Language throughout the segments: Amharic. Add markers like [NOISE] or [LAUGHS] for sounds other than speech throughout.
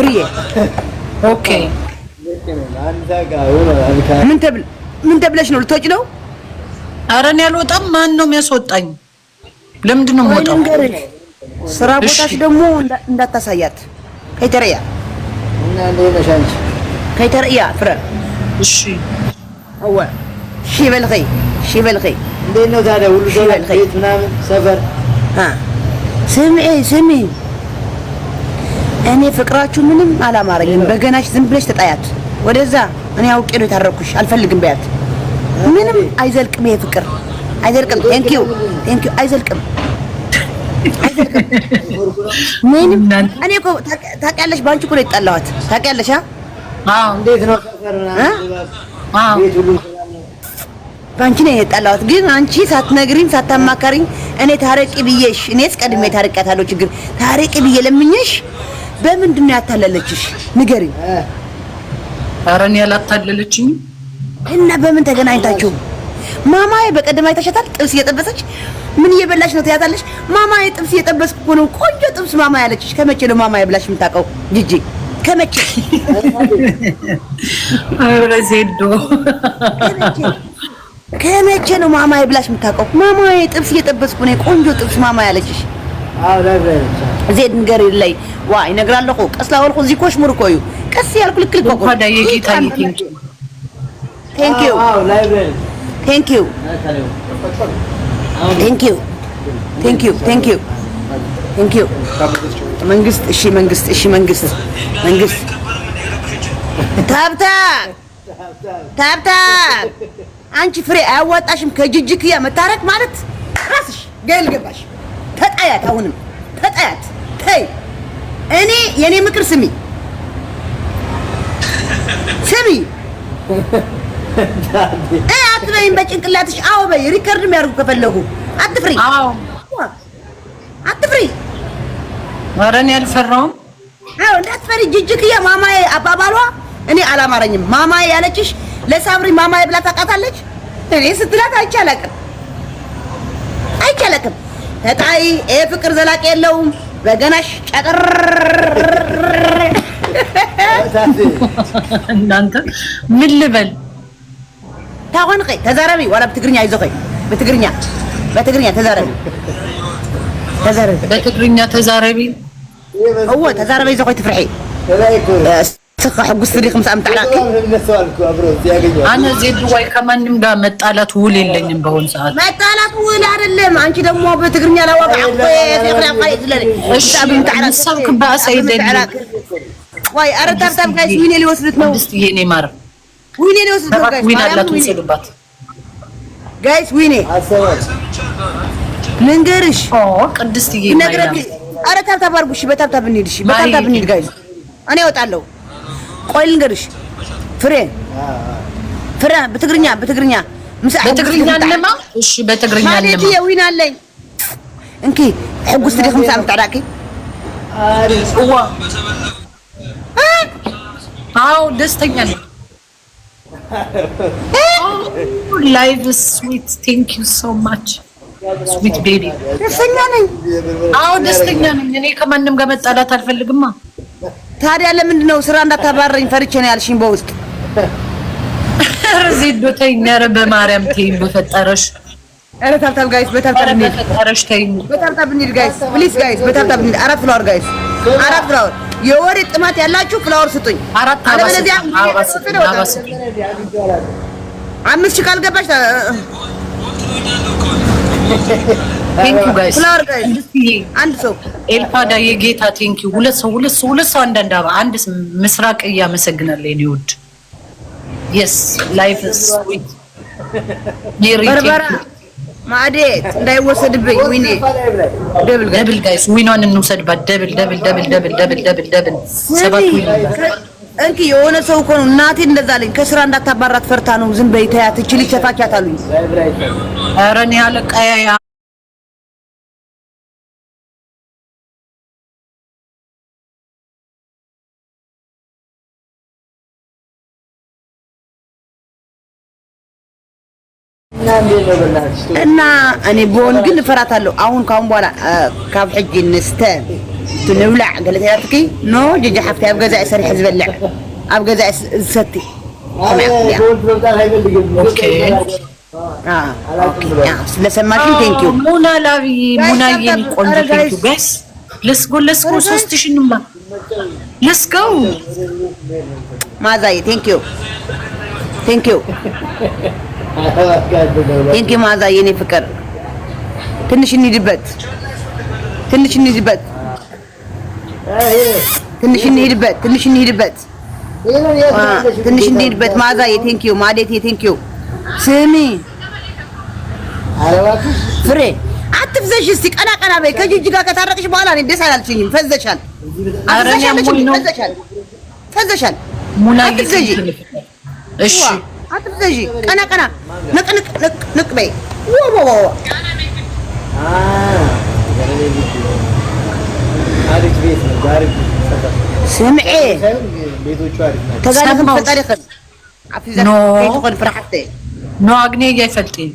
فري اوكي ምን ተብል ምን ተብለሽ ነው ልትወጪ ነው? ኧረ እኔ አልወጣም። ማን ነው የሚያስወጣኝ? ለምንድን ነው የምወጣው? ስራ ቦታሽ ደግሞ እንዳታሳያት ከይተረያ ከይተረያ ፍረ እሺ አዋ ሺ በልኺ ሺ በልኺ እንዴት ነው ታዲያ ሁሉ ሰው ቤት ምናምን ሰፈር ስምዒ ስምዒ እኔ ፍቅራችሁ ምንም አላማረኝም። በገናሽ ዝም ብለሽ ተጣያት ወደዛ። እኔ አውቄ ነው የታረኩሽ፣ አልፈልግም በያት። ምንም አይዘልቅም፣ ይሄ ፍቅር አይዘልቅም። ቴንኪው ቴንኪው፣ አይዘልቅም ምንም እኔ እኮ ታውቂያለሽ፣ በአንቺ እኮ ነው የጠላኋት። ታውቂያለሽ? አዎ እንዴት ነው በአንቺ ነው የጠላኋት። ግን አንቺ ሳትነግሪኝ ሳታማካሪኝ እኔ ታረቂ ብዬሽ፣ እኔስ ቀድሜ ታርቂያታለሁ። ችግር ታረቂ ብዬ ለምኜሽ በምንድን ነው ያታለለችሽ? ንገሪ። ኧረ እኔ እና በምን ተገናኝታችሁ? ማማዬ በቀደም አይታሸታል። ጥብስ እየጠበሰች ምን እየበላሽ ነው ትያታለሽ። ማማዬ ጥብስ እየጠበስኩ እኮ ነው፣ ቆንጆ ጥብስ ማማዬ አለችሽ። ከመቼ ነው ማማዬ ብላሽ የምታውቀው ጂጂ? ከመቼ [LAUGHS] ኧረ ዜዶ ከመቼ ነው ማማዬ ብላሽ የምታውቀው? ማማዬ ጥብስ እየጠበስኩ ነው፣ ቆንጆ ጥብስ ማማዬ አለችሽ። ዜድ ንገሪን ለይ ዋ ይነግራል ቀስ ላበልኩ እዚ እኮ ሽሙር ቀስ ያልኩ ልክል እኮ መንግስት እሺ መንግስት እሺ መንግስት መንግስት ታብታ ታብታ አንቺ ፍሬ አያዋጣሽም ከጅጅክያ መታረቅ ማለት ራስሽ ገል ገባሽ ተጣያት፣ አሁንም ተጣያት። ተይ እኔ የኔ ምክር ስሚ ስሚ እ አትበይም በጭንቅላትሽ። አዎ በይ። ሪከርድ የሚያደርጉ ከፈለጉ አትፍሪ፣ አትፍሪ። ኧረ እኔ አልፈራሁም። አዎ እንዳትፈሪ። ጅጅክዬ ማማዬ አባባሏ እኔ አላማረኝም። ማማዬ ያለችሽ ለሳብሪ ማማዬ ብላ ታውቃታለች። እኔ ስትላት አይቻለቅም አይቻለቅም ተጣይ ፍቅር ዘላቂ የለውም። በገናሽ ጨቅር እናንተ ምን ልበል ታኾን ኸይ ተዛረቢ ዋላ ብትግርኛ ይዞ ኸይ ብትግርኛ በትግርኛ ተዛረቢ ተዛረቢ በትግርኛ ተዛረቢ እዎ ተዛረበ ይዞ ኸይ ትፍርሒ ሕጉስ ስሪ አነ ዜድ ዋይ ከማንም ጋር መጣላት ውል የለኝም። በሆን ሰዓት መጣላት ውል አይደለም። አንቺ ደግሞ በትግርኛ ላዋቅ ነው። እሺ በታብታብ እንሂድ። እሺ በታብታብ እንሂድ ጋይስ ቆይ ልንገርሽ ፍሬ ፍሬ በትግርኛ በትግርኛ በትግርኛ አዎ ደስተኛ ነኝ። ላይቭ ስዊት ቴንክ ዩ ሶ ማች ስዊት ቤቢ ደስተኛ ነኝ። አዎ ደስተኛ ነኝ። እኔ ከማንም ጋር መጣላት አልፈልግማ። ታዲያ ለምንድን ነው ስራ እንዳታባረኝ ፈርቼ ነው ያልሽኝ? በውስጥ ዜዶ ተይኝ፣ ኧረ በማርያም ተይኝ፣ በፈጠረሽ ኧረ ታብታብ ጋይስ፣ በታብታብ እንሂድ፣ በፈጠረሽ ተይኝ፣ በታብታብ እንሂድ ጋይስ፣ ፕሊዝ ጋይስ፣ በታብታብ እንሂድ ጋይስ ፕሊስ ጋይስ በታብታብ እንሂድ አራት ፍላወር ጋይስ፣ አራት ፍላወር፣ የወሬ ጥማት ያላችሁ ፍላወር ስጡኝ። አራት አለበለዚያ አምስት ሺህ ካልገባሽ ቴንኪው ጋይስ አንድ ሰው ኤልፓዳ የጌታ ቴንኪው ሁለት ሰው ሁለት ሰው ሁለት ሰው አንዳንድ አንድ ምስራቅ እያመሰግናለሁ የእኔ ውድ የስ ላይፍ ስዊት በርበራ ማዕዴት እንዳይወሰድብኝ ዊኔ ደብል ደብል ጋይስ ዊኗን እንውሰድባት ደብል ደብል ደብል ደብል ደብል ደብል ደብል ሰባት እንኪ የሆነ ሰው እኮ ነው እናቴ እንደዛ አለኝ። ከስራ እንዳታባራት ፈርታ ነው ዝም በይ ተያት፣ እቺ ልጅ ተፋኪያት አሉኝ። ኧረ እኔ አለቃ እና እኔ ብሆን ግን እፈራታለሁ። አሁን ካሁን በኋላ ካብ ሕጂ ንስተ ትንብላዕ ገለትያትኪ ኖ ጀጃ ሓፍቲ ኣብ ገዛ ሰሪሕ ዝበልዕ ኣብ ገዛ ዝሰቲ ስለሰማሽን ሙና ላቢ ጋይስ ቴንኪ ማዛ የኔ ፍቅር ትንሽ እንሂድበት፣ ትንሽ እንሂድበት፣ ትንሽ እንሂድበት፣ ትንሽ እንሂድበት፣ ትንሽ እንሂድበት። ማዛ የቴንኪ ማዴት የቴንኪ ስሚ ፍሬ አትፍዘሽ። እስቲ ቀና ቀና በይ። ከጂጂ ጋር ከታረቅሽ በኋላ እኔ ደስ አላልሽኝም። ፈዘሻል፣ ፈዘሻል፣ ፈዘሻል። አትፍዘሽ እሺ አትዘዢ። ቀና ቀና ንቅ ንቅ ንቅ ንቅ በይ። ስምዐ ኖ አግኔ አይፈልጥም።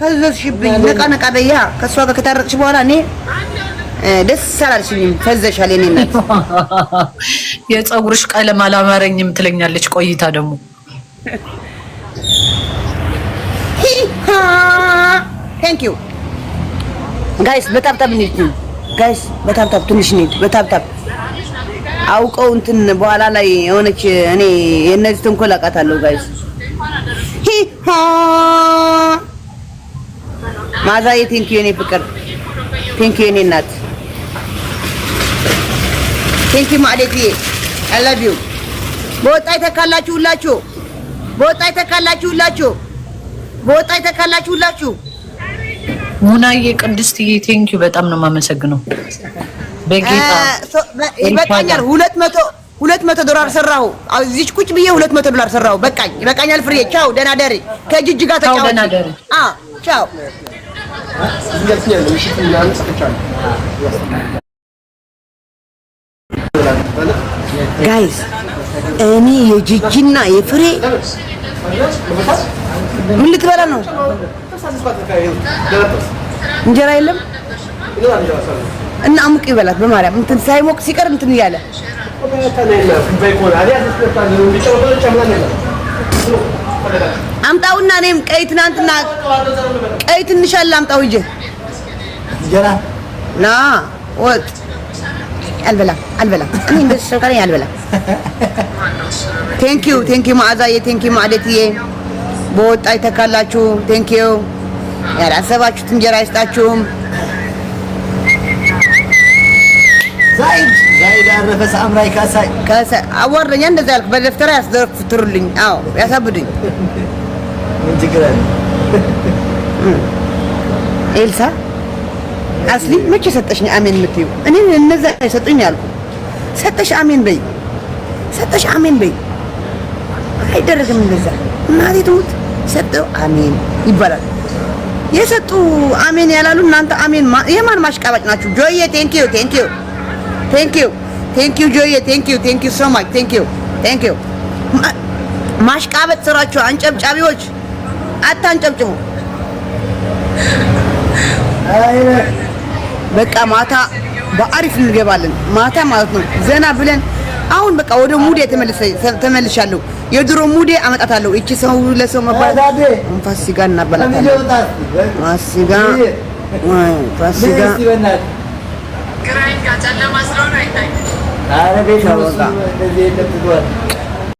ፈዘዝሽብኝ። ነቃ ነቃ በያ። ከእሷ ጋር ከታረቅሽ በኋላ እኔ ደስ አላልሽኝም። ፈዘሻል። የኔ እናት [LAUGHS] የፀጉርሽ ቀለም አላማረኝም ትለኛለች ቆይታ ደግሞ ቴንክ ዩ ጋይስ። በታብታብ እንሂድ ነው ጋይስ፣ በታብታብ ትንሽ እንሂድ በታብታብ አውቀው እንትን በኋላ ላይ የሆነች እኔ የእነዚህ ተንኮል አውቃታለሁ ጋይስ። ማዛዬ ቴንክ ዩ የኔ ፍቅር፣ ቴንክ ዩ የኔ እናት፣ ቴንክ ዩ ማዕሌትዬ አይ ላቭ ዩ። በወጣ ይተካላችሁ ሁላችሁ፣ በወጣ ይተካላችሁ ሁላችሁ። በወጣ ይተካላችሁ ሁላችሁ። ሙናዬ ቅድስትዬ፣ ቴንኪዩ በጣም ነው የማመሰግነው። በጌታ ሁለት መቶ ሁለት መቶ ዶላር ሰራሁ። እዚች ቁጭ ብዬ ሁለት መቶ ዶላር ሰራሁ። በቃኝ፣ ይበቃኛል። ፍሬ ቻው፣ ደህና ደሪ። ከጅጅ ጋር ተጫወት። እኔ የጅጅና የፍሬ ምን ልትበላ ነው? እንጀራ የለም እና አሙቅ ይበላት በማርያም እንትን ሳይሞቅ ሲቀር እንትን እያለ አምጣውና እኔም ቀይ ትናንትና ቀይ ትንሽ አለ አምጣው ሂጅ ና ወጥ አልበላም አልበላም። እኔ እንደዚህ ሰው ጋር አልበላም። ቴንክ ዩ ማዕዛዬ ቴንኪዩ ማዕደትዬ በወጣ ይተካላችሁ። ቴንኪዩ ያላሰባችሁት እንጀራ አይስጣችሁም። ዛይድ ዛይድ አረፈ ሳምራይ ካሳ እንደዛ በደፍተራ ያስደፍትሩልኝ። አዎ ያሳብዱኝ። ኤልሳ አስሊ መቼ ሰጠሽኝ አሜን የምትይው? እኔ እነዛ ሰጡኝ ያልኩ ሰጠሽ አሜን በይ፣ ሰጠሽ አሜን በይ። አይደረግም እንደዛ። እናቴ ትሙት ሰጠው አሜን ይባላል። የሰጡ አሜን ያላሉ እናንተ አሜን የማን ማሽቃባጭ ናችሁ? ጆዬ ቴንክ ዩ ቴንክ ዩ ቴንክ ዩ ቴንክ ዩ ጆዬ ቴንክ ዩ ቴንክ ዩ ሶ ማች ቴንክ ዩ ቴንክ ዩ። ማሽቃበጥ ስራችሁ አንጨብጫቢዎች፣ አታንጨብጭቡ። በቃ ማታ በአሪፍ እንገባለን። ማታ ማለት ነው ዘና ብለን አሁን በቃ ወደ ሙዴ ተመልሻለሁ። የድሮ ሙዴ አመጣታለሁ። እቺ ሰው ለሰው መባል ፋሲካ እናበላታለን። ፋሲካ ፋሲካ ግራኝ